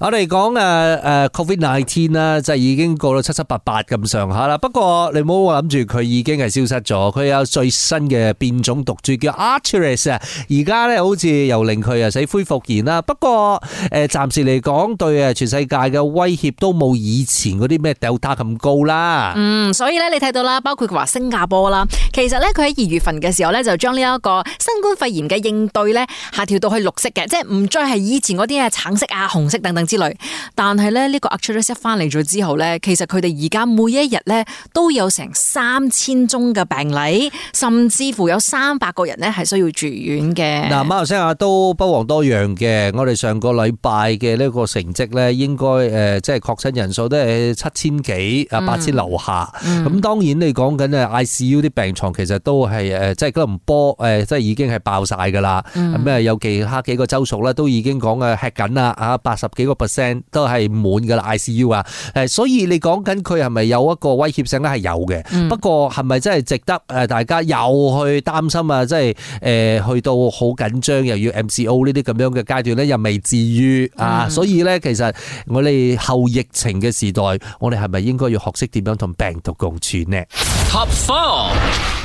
我哋講誒誒，Covid nineteen 啦，就已經過到七七八八咁上下啦。不過你唔好諗住佢已經係消失咗，佢有最新嘅變種毒株叫 Archers 啊。而家咧好似又令佢啊死灰復燃啦。不過誒，暫時嚟講對誒全世界嘅威脅都冇以前嗰啲咩 Delta 咁高啦。嗯，所以咧你睇到啦，包括佢話新加坡啦，其實咧佢喺二月份嘅時候咧就將呢一個新冠肺炎嘅應對咧下調到去綠色嘅，即係唔再係以前嗰啲啊橙色啊紅色等等。之類，但係咧呢個阿 Trudeau 翻嚟咗之後咧，其實佢哋而家每一日咧都有成三千宗嘅病例，甚至乎有三百個人咧係需要住院嘅。嗱、嗯，馬來西亞都不遑多讓嘅，我哋上個禮拜嘅呢個成績咧，應該誒即係確診人數都係七千幾啊八千樓下。咁、嗯嗯、當然你講緊誒 ICU 啲病床其實都係誒即係嗰度唔誒，即係已經係爆晒噶啦。咁啊、嗯、有其他幾個州屬咧都已經講嘅吃緊啦，啊八十幾個。percent 都係滿噶啦 ICU 啊，誒，所以你講緊佢係咪有一個威脅性咧係有嘅，嗯、不過係咪真係值得誒大家又去擔心啊？即係誒去到好緊張，又要 MCO 呢啲咁樣嘅階段咧，又未至於、嗯、啊，所以咧其實我哋後疫情嘅時代，我哋係咪應該要學識點樣同病毒共存呢？Top four。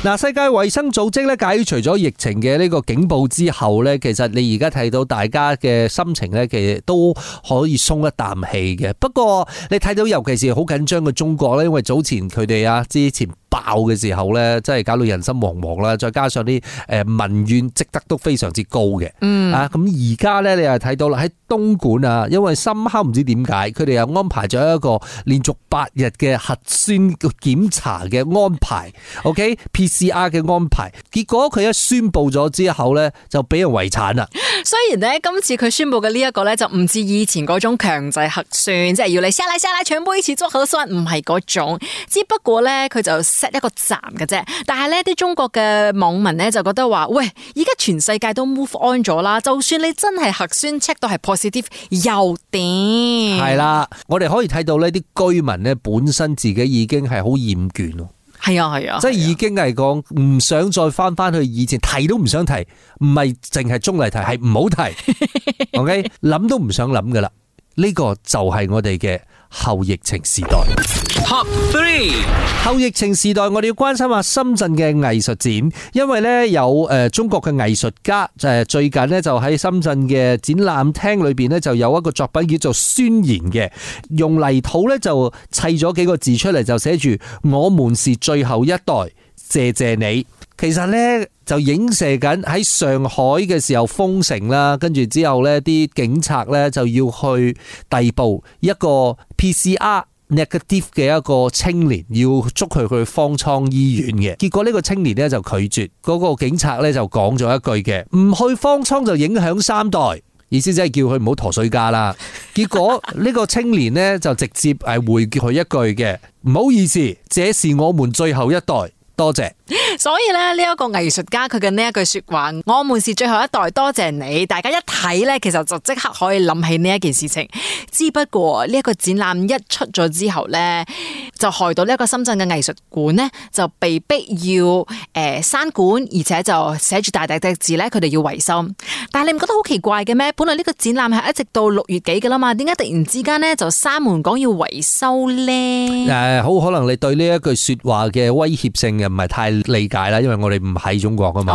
嗱，世界衛生組織咧解除咗疫情嘅呢個警報之後咧，其實你而家睇到大家嘅心情咧，其實都可以鬆一啖氣嘅。不過你睇到尤其是好緊張嘅中國咧，因為早前佢哋啊之前。爆嘅時候咧，真係搞到人心惶惶啦，再加上啲誒民怨積得都非常之高嘅。嗯啊，咁而家咧，你又睇到啦，喺東莞啊，因為深刻唔知點解，佢哋又安排咗一個連續八日嘅核酸嘅檢查嘅安排，OK，PCR、OK? 嘅安排，結果佢一宣布咗之後咧，就俾人圍慘啦。雖然咧，今次佢宣布嘅呢一個咧，就唔似以前嗰種強制核酸，即係要你沙拉沙拉搶杯子捉核酸，唔係嗰種。只不過咧，佢就 set 一個站嘅啫。但係呢啲中國嘅網民咧就覺得話，喂，而家全世界都 move on 咗啦，就算你真係核酸 check 到係 positive，又點？係啦，我哋可以睇到呢啲居民咧本身自己已經係好厭倦咯。係啊，係啊，即係已經係講唔想再翻翻去以前，提都唔想提，唔係淨係鍾麗緹，係唔好提，OK，諗 都唔想諗噶啦，呢、這個就係我哋嘅後疫情時代。Top three 後疫情時代，我哋要關心下深圳嘅藝術展，因為咧有誒中國嘅藝術家誒最近咧就喺深圳嘅展覽廳裏邊咧就有一個作品叫做宣言嘅，用泥土咧就砌咗幾個字出嚟，就寫住我們是最後一代，謝謝你。其實咧就影射緊喺上海嘅時候封城啦，跟住之後呢，啲警察咧就要去逮捕一個 PCR。negative 嘅一個青年，要捉佢去方艙醫院嘅，結果呢個青年咧就拒絕，嗰、那個警察咧就講咗一句嘅，唔去方艙就影響三代，意思即係叫佢唔好陀衰家啦。結果呢個青年咧就直接係回佢一句嘅，唔好意思，這是我們最後一代，多謝。所以咧，呢、這、一個藝術家佢嘅呢一句說話，我們是最後一代，多謝你。大家一睇咧，其實就即刻可以諗起呢一件事情。之不過呢一、這個展覽一出咗之後咧，就害到呢一個深圳嘅藝術館咧，就被逼要誒閂、呃、館，而且就寫住大大隻字咧，佢哋要維修。但係你唔覺得好奇怪嘅咩？本來呢個展覽係一直到六月幾㗎啦嘛，點解突然之間咧就閂門講要維修咧？誒、呃，好可能你對呢一句說話嘅威脅性又唔係太理解啦，因為我哋唔喺中國噶嘛。誒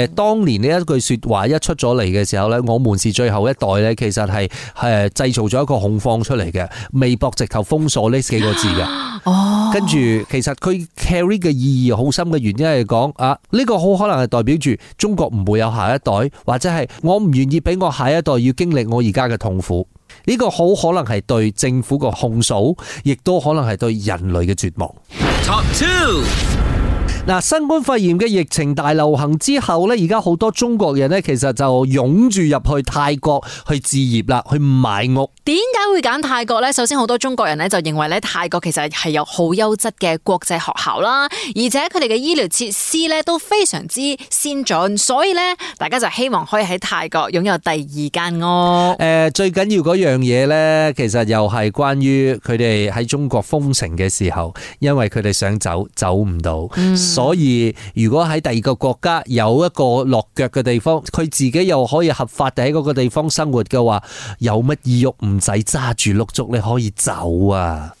，oh. 當年呢一句說話一出咗嚟嘅時候呢，我們是最後一代呢，其實係誒製造咗一個恐慌出嚟嘅。微博直頭封鎖呢四個字嘅，oh. 跟住其實佢 carry 嘅意義好深嘅原因係講啊，呢、這個好可能係代表住中國唔會有下一代，或者係我唔願意俾我下一代要經歷我而家嘅痛苦。呢、這個好可能係對政府個控訴，亦都可能係對人類嘅絕望。Top two。嗱，新冠肺炎嘅疫情大流行之後咧，而家好多中國人咧，其實就湧住入去泰國去置業啦，去買屋。點解會揀泰國呢？首先好多中國人咧就認為咧，泰國其實係有好優質嘅國際學校啦，而且佢哋嘅醫療設施咧都非常之先進，所以呢，大家就希望可以喺泰國擁有第二間屋。誒、呃，最緊要嗰樣嘢呢，其實又係關於佢哋喺中國封城嘅時候，因為佢哋想走走唔到。嗯。所以，如果喺第二個國家有一個落腳嘅地方，佢自己又可以合法地喺嗰個地方生活嘅話，有乜意欲唔使揸住碌竹，你可以走啊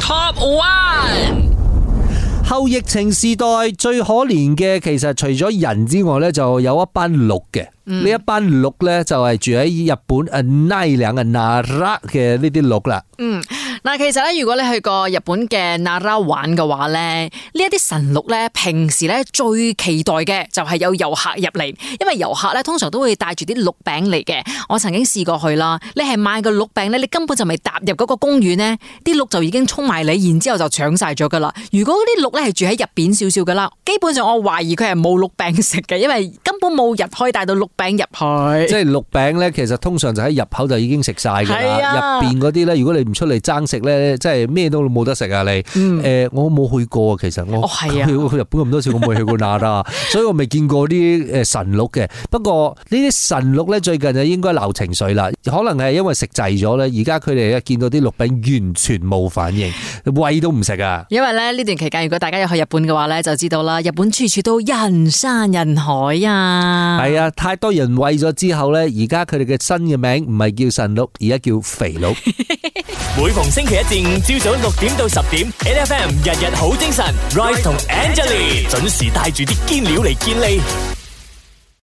！Top One，後疫情時代最可憐嘅其實除咗人之外呢，就有一班鹿嘅。呢、嗯、一班鹿呢，就係住喺日本啊奈良啊奈拉嘅呢啲鹿啦。嗯。嗱，其實咧，如果你去個日本嘅奈 a 玩嘅話咧，呢一啲神鹿咧，平時咧最期待嘅就係有遊客入嚟，因為遊客咧通常都會帶住啲鹿餅嚟嘅。我曾經試過去啦，你係買個鹿餅咧，你根本就未踏入嗰個公園，呢啲鹿就已經衝埋你，然之後就搶晒咗噶啦。如果啲鹿咧係住喺入邊少少噶啦，基本上我懷疑佢係冇鹿餅食嘅，因為根本冇人可以帶到鹿餅入去。即係鹿餅咧，其實通常就喺入口就已經食晒噶啦，入邊嗰啲咧，如果你唔出嚟爭。食咧，真係咩都冇得食啊！你，誒，我冇去過啊，其實我，哦係啊，去去日本咁多次，我冇去過奈良，所以我未見過啲誒神鹿嘅。不過呢啲神鹿咧，最近啊應該鬧情緒啦，可能係因為食滯咗咧。而家佢哋啊見到啲鹿餅完全冇反應，餵都唔食啊。因為咧呢段期間，如果大家有去日本嘅話咧，就知道啦，日本處處都人山人海啊。係啊，太多人餵咗之後咧，而家佢哋嘅新嘅名唔係叫神鹿，而家叫肥鹿。每逢星期一至五朝早六點到十點，N F M 日日好精神，Ride 同 Angelie 準時帶住啲堅料嚟見你。